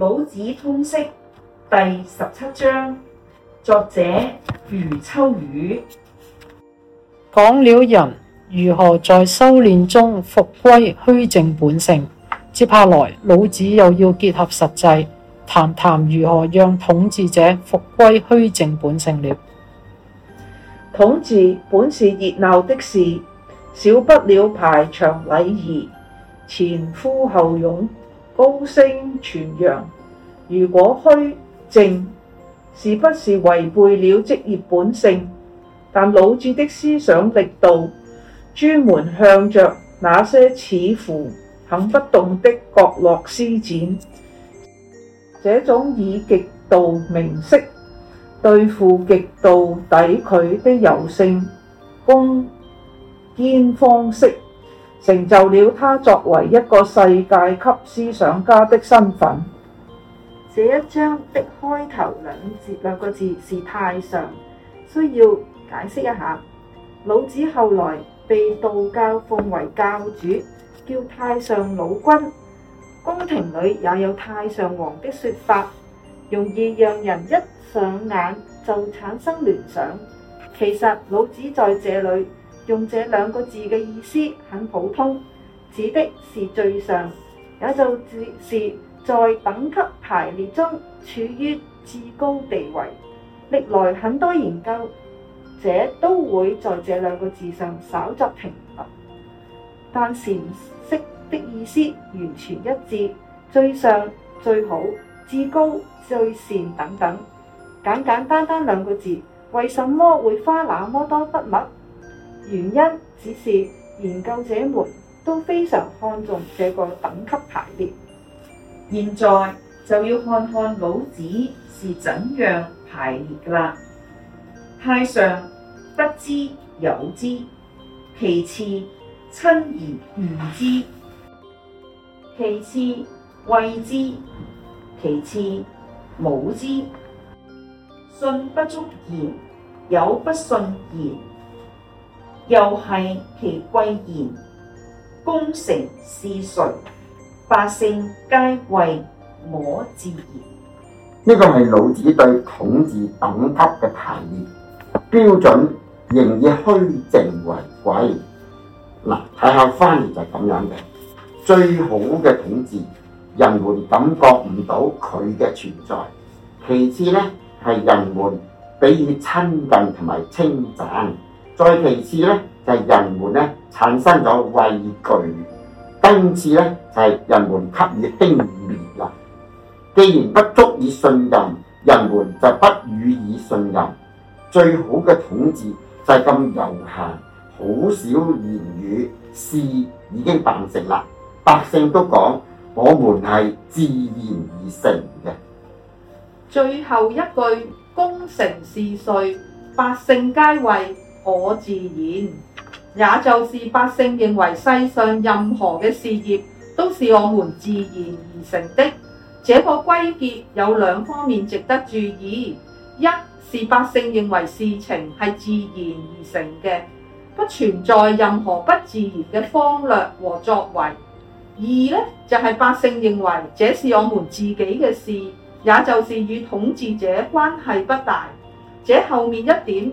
老子通釋第十七章，作者余秋雨，講了人如何在修煉中復歸虛靜本性。接下來，老子又要結合實際談談如何讓統治者復歸虛靜本性了。統治本是熱鬧的事，少不了排場禮儀，前呼後擁。高聲傳揚，如果虛靜，是不是違背了職業本性？但老子的思想力度，專門向着那些似乎啃不動的角落施展。這種以極度明晰、對付極度抵拒的柔性攻堅方式，成就了他作為一個世界級思想家的身份。這一章的開頭兩節兩個字是太上，需要解釋一下。老子後來被道教奉為教主，叫太上老君。宮廷裏也有太上皇的說法，容易讓人一上眼就產生聯想。其實老子在這裏。用這兩個字嘅意思很普通，指的是最上，也就只是在等級排列中處於至高地位。歷來很多研究者都會在這兩個字上稍作停留，但闡釋的意思完全一致，最上、最好、至高、最善等等，簡簡單單兩個字，為什麼會花那麼多筆墨？原因只是研究者們都非常看重這個等級排列。現在就要看看老子是怎樣排列的啦。太上不知有之，其次親而譽之，其次畏之，其次侮之。信不足言，有不信言。又係其貴言，功成事遂，百姓皆謂我自然。呢個係老子對統治等級嘅提議標準，仍以虛靜為貴。嗱，睇下翻譯就咁樣嘅。最好嘅統治，人們感覺唔到佢嘅存在；其次咧，係人們俾佢親近同埋稱讚。再其次呢，就係人們呢產生咗畏懼；今次呢，就係、是、人們給予輕蔑啦。既然不足以信任，人們就不予以信任。最好嘅統治就係咁悠閒，好少言語，事已經辦成啦。百姓都講：我們係自然而成嘅。最後一句，功成事遂，百姓皆畏。我自然，也就是百姓認為世上任何嘅事業都是我們自然而成的。這個歸結有兩方面值得注意：一是百姓認為事情係自然而成嘅，不存在任何不自然嘅方略和作為；二咧就係、是、百姓認為這是我們自己嘅事，也就是與統治者關係不大。這後面一點。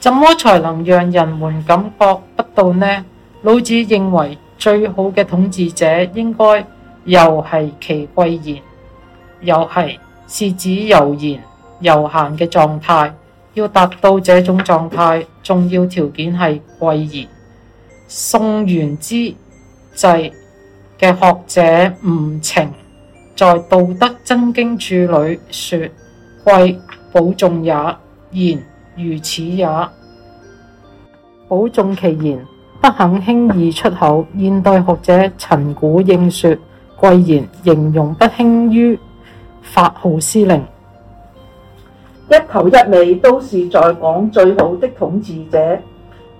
怎麼才能讓人們感覺不到呢？老子認為最好嘅統治者應該悠兮其貴言，悠兮是指悠然悠閒嘅狀態。要達到這種狀態，重要條件係貴言。宋元之際嘅學者吳澄在《道德真經注》裏說貴保重也，言。如此也，保重其言，不肯輕易出口。現代學者陳鼓應說：貴言形容不輕於發號施令。一頭一尾都是在講最好的統治者，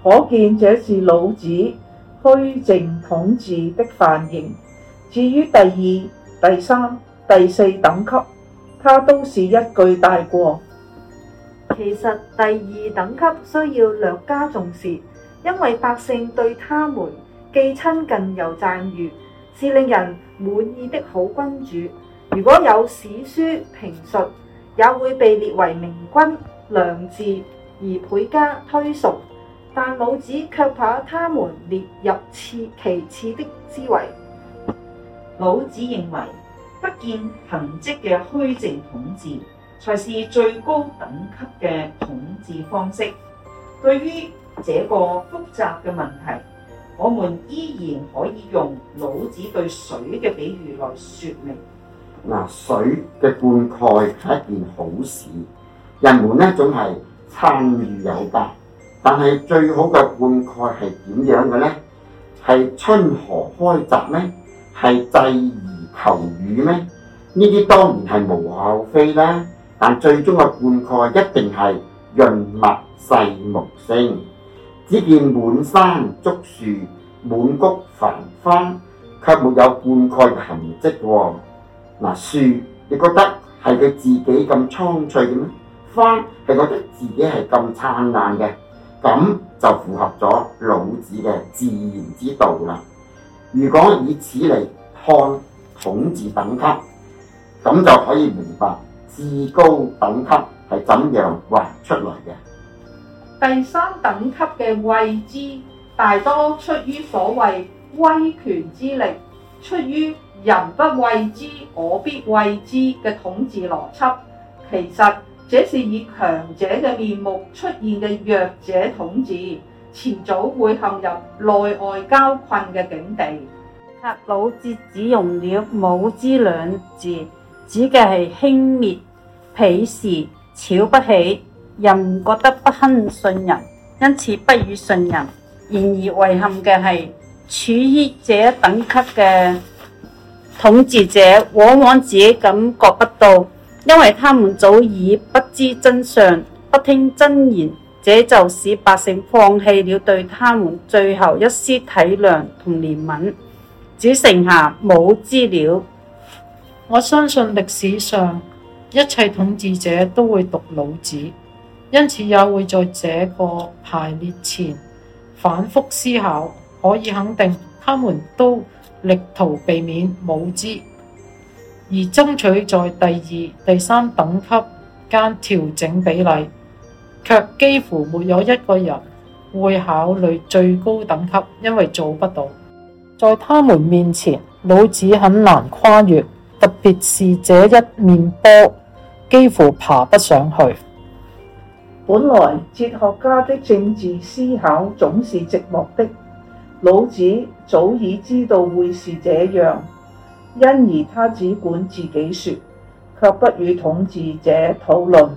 可見這是老子虛靜統治的範型。至於第二、第三、第四等級，他都是一句帶過。其實第二等級需要略加重視，因為百姓對他們既親近又讚譽，是令人滿意的好君主。如果有史書評述，也會被列為明君良治而倍加推崇。但老子卻把他們列入次其次的之位。老子認為不見行跡嘅虛靜統治。才是最高等級嘅統治方式。對於這個複雜嘅問題，我們依然可以用老子對水嘅比喻來説明。嗱、啊，水嘅灌溉係一件好事，人們呢總係讚譽有加。但係最好嘅灌溉係點樣嘅呢？係春河開閘咩？係祭而求雨咩？呢啲當然係無效費啦。但最終嘅灌溉一定係潤物細無聲。只見滿山竹樹、滿谷繁花，卻沒有灌溉嘅痕跡喎。嗱、啊，樹你覺得係佢自己咁蒼翠嘅咩？花你覺得自己係咁燦爛嘅，咁就符合咗老子嘅自然之道啦。如果以此嚟看統治等級，咁就可以明白。至高等級係怎樣劃出嚟嘅？第三等級嘅畏之大多出於所謂威權之力，出於人不畏之，我必畏之嘅統治邏輯。其實這是以強者嘅面目出現嘅弱者統治，遲早會陷入內外交困嘅境地。及老節只用了侮之兩字。指嘅係輕蔑、鄙視、瞧不起，又唔覺得不堪信任，因此不予信任。然而遺憾嘅係，處於這一等級嘅統治者，往往自己感覺不到，因為他們早已不知真相，不聽真言，這就使百姓放棄了對他們最後一絲體諒同憐憫，只剩下冇資料。我相信歷史上一切統治者都會讀老子，因此也會在這個排列前反覆思考。可以肯定，他們都力圖避免無知，而爭取在第二、第三等級間調整比例。卻幾乎沒有一個人會考慮最高等級，因為做不到。在他們面前，老子很難跨越。別是這一面坡，幾乎爬不上去。本來哲學家的政治思考總是寂寞的，老子早已知道會是這樣，因而他只管自己說，卻不與統治者討論。